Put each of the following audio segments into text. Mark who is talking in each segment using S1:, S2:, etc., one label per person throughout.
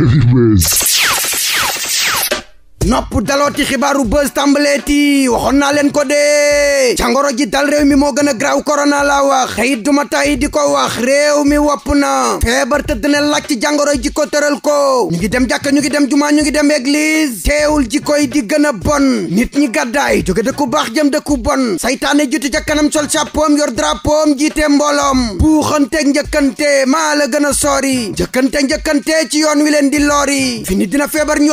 S1: Anyways. nopp dalooti xibaaru buzz tàmbaleeti waxoon naa leen ko dee jàngoro ji dal réew mi moo gën a graaw korona laa wax tey duma tay di ko wax réew mi wopp na feebar tëdd na laaj ci jàngoro ji ko tëral ko ñu ngi dem jàkka ñu ngi dem jumaa ñu ngi dem église teewul ji koy di gën a bon nit ñi gàddaay jóge dëkku baax jëm dëkku bon seytaane saytaane juti ca kanam sol sàppoom yor drapoom jiite mbooloom buuxante njëkkante maa la gën a sori njëkkante njëkkante ci yoon wi leen di lori feebar ñu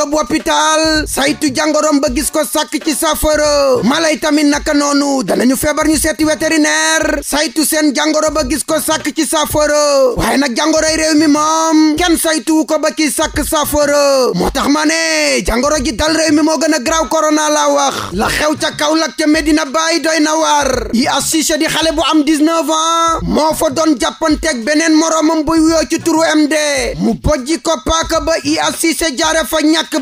S1: saytu jàngoroom ba gis ko sàkk ci saafara mala yi tamit naka noonu danañu feebar ñu seeti vétérinaire saytu seen jàngoro ba gis ko sakk ci saafara waaye nag jàngoroy réew mi moom kenn saytu ko ba ci sakk saafara moo tax ma ne jàngoro ji dal réew mi moo gën a graw corona laa wax la xew ca Kaolack ca Medina Baye doy na waar yi assise di xale bu am 19 ans moo fa doon jàppanteeg beneen moroomam buy wuyoo ci turu MD mu bojji ko paaka ba yi assise jaare fa ñàkk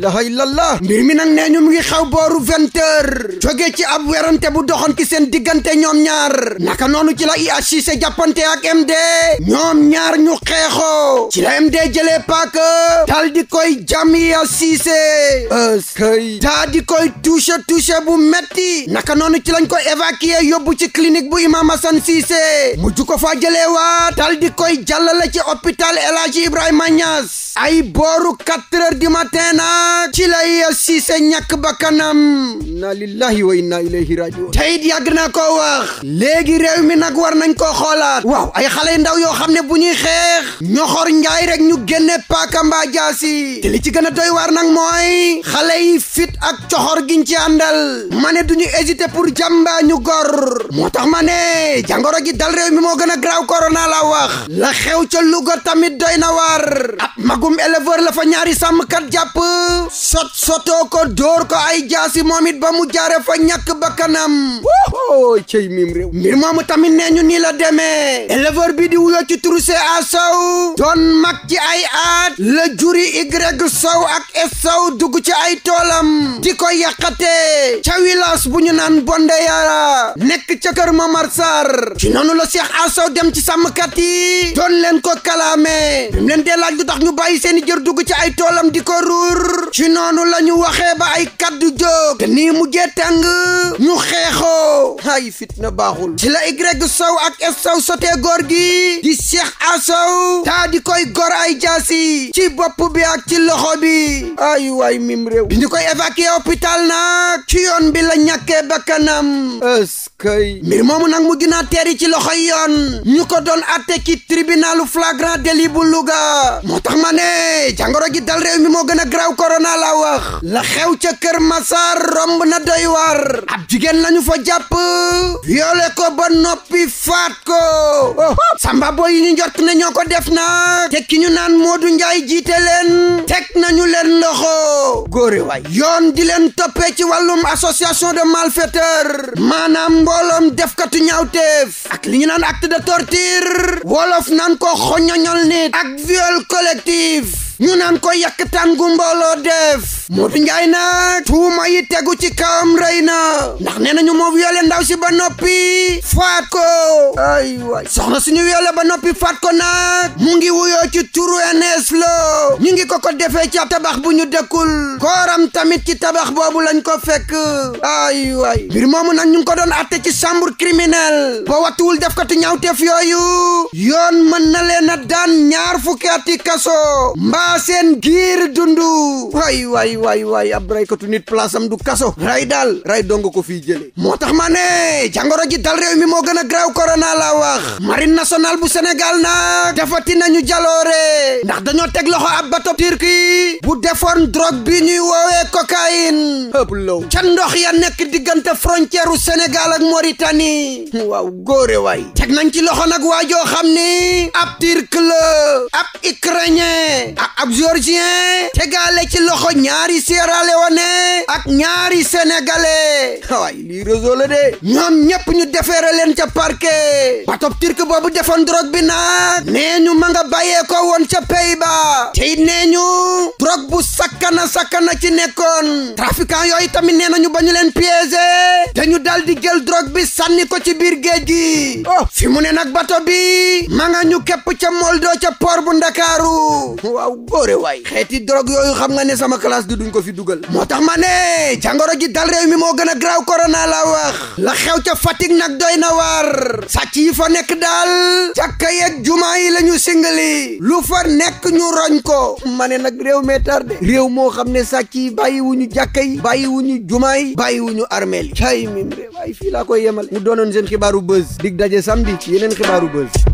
S1: ilaha illallah mbir mi nag nee ñu mu ngi xaw booru vingt heures jóge ci ab werante bu doxoon ki seen diggante ñoom ñaar naka noonu ci la IHC jàppante ak de ñoom ñaar ñu xeexoo ci la de jëlee paaka euh, dal di koy jàmmi a siise euh, ëskëy di koy touché touché bu metti naka noonu ci lañ ko évacué yóbbu ci clinique bu Imam Hassan Cissé mujj ko faa jëlee waat dal di koy jàllale ci hôpital El Hadji Ibrahima Niass ay booru quatre heures du matin nag ci lay siise ñàkk bakkanam inna lillahi wa inna ilayhi rajiun te it yàgg naa koo wax léegi réew mi nag war nañ ko xoolaat waaw ay xale ndaw yoo xam ne bu ñuy xeex ñoxor njaay rek ñu génne paaka mbaa jaasi te li ci gën a doy waar nag mooy xale yi fit ak coxor giñ ci àndal ma ne duñu hésité pour jàmbaa ñu gor moo tax ma ne jàngoro gi dal réew mi moo gën a graaw korona la wax la xew ca Louga tamit doy na waar ab magum éleveur la fa ñaari sàmmkat jàpp sot soto ko dóor ko ay jaasi moom it ba mu jaare fa ñàkk bakkanam woo cey mim réew mbir moomu tamit nee ñu nii la demee éleveur bi di wuyoo ci turu asaw doon mag ci ay aat la juri Y Sow ak S Sow dugg ci ay toolam di ko yàqatee ca wilaas bu ñu naan bonde yara nekk ca kër Mamar Sarr ci noonu la Cheikh Aw Sow dem ci sàmmkat yi doon leen ko kalaame bi mu leen dee laaj lu tax ñu bàyyi seeni jër dugg ci ay toolam di ko ruur ci noonu la ñu waxee ba ay kaddu jóg te nii mujjee tàng ñu xeexoo ay fitna baaxul ci la Y Sow ak S Sow sotee góor gi di Cheikh Aw Sow di ko mooy gor ay jaasi ci bopp bi ak ci loxo bi ay waay mim réew bi ñu koy évacuer hôpital nag ci yoon bi la ñàkkee bakkanam eskay mbir moomu nag mu ginnaa teeri ci loxo yoon ñu ko doon atte ci tribunalu flagrant délit bu Louga moo tax ma ne jàngoro ji dal réew mi moo gën a graw korona la wax la xew ca Kër Masar romb na doy war ab jigéen lañu fa jàpp violé ko ba noppi faat ko samba boy ñu njort ne ñoo ko def nag te ñu naan Modou Ndiaye jiite leen teg nañu leen loxo góore waay yoon di leen toppee ci wàllum association de malfaiteurs maanaam mbooloom defkatu ñaawteef ak li ñu naan acte de torture wolof naan ko xoñoñol nit ak viol collectif ñu naan ko yàkkataan gu mbooloo def Modou Ndiaye nag tuuma yi tegu ci kawam rëy na ndax nee nañu moo violé ndaw si ba noppi faat ko ay waay soxna suñu violé ba noppi faat ko nag mu ngi wuyoo ci turu NS Lo ñu ngi ko ko defee ci tabax bu ñu dëkkul kooram tamit ci tabax boobu lañ ko fekk ay waay mbir moomu nag ñu ngi ko doon atte ci chambre criminelle boo wattuwul def ko ti ñaawteef yooyu yoon mën na leen a daan ñaar fukki ati kaso mbaa seen giir dundu waay waay ab raykatu nit place am du kaso ray daal ray dong ko fii jëlee moo tax ma ne jàngoro ji dal réew mi moo gën a graaw corona laa wax marine nationale bu na nag defati nañu jaloore ndax dañoo teg loxo ab bato turki bu defoon drogue bi ñuy woowee cocaïne hëblow ca ndox ya nekk diggante frontière u Sénégal ak Mauritanie waaw góore waay teg nañ ci loxo nag waajoo xam ni ab turc la ab ukrainien ak ab géorgien tegaale ci loxo ñaari Sierra Leone ak ñaari sénégalais waay lii réseau la de ñoom ñëpp ñu defeere leen ca parquet watop turk boobu defoon drogue bi nag nee ñu ma nga bàyyee ko woon ca pey ba te it nee ñu drogue bu sakkana sakkana ci nekkoon trafiquant yooyu tamit nee nañu ba ñu leen piégé dañu dal di jël drogue bi sànni ko ci biir géej gi oh. fi mu ne nag bato bi ma nga ñu képp ca Moldo ca port bu Ndakaaru waaw góore waay xeeti drogue yooyu xam nga ne sama classe du duñ ko fi dugal moo tax ma ne jàngoro ji dal réew mi moo gën a graaw korona la wax la xew ca Fatick nag doy na war sàcc yi fa nekk daal jàkka yeeg jumaa yi la ñu lu fa nekk ñu roñ ko ma ne nag réew mee tardé réew moo xam ne sàcc yi bàyyiwuñu jàkka yi bàyyiwuñu jumaa yi bàyyiwuñu armeel yi bàyyi mim réew waaye fii laa koy yemale mu doonoon seen xibaaru buzz dig daje samedi yeneen xibaaru buzz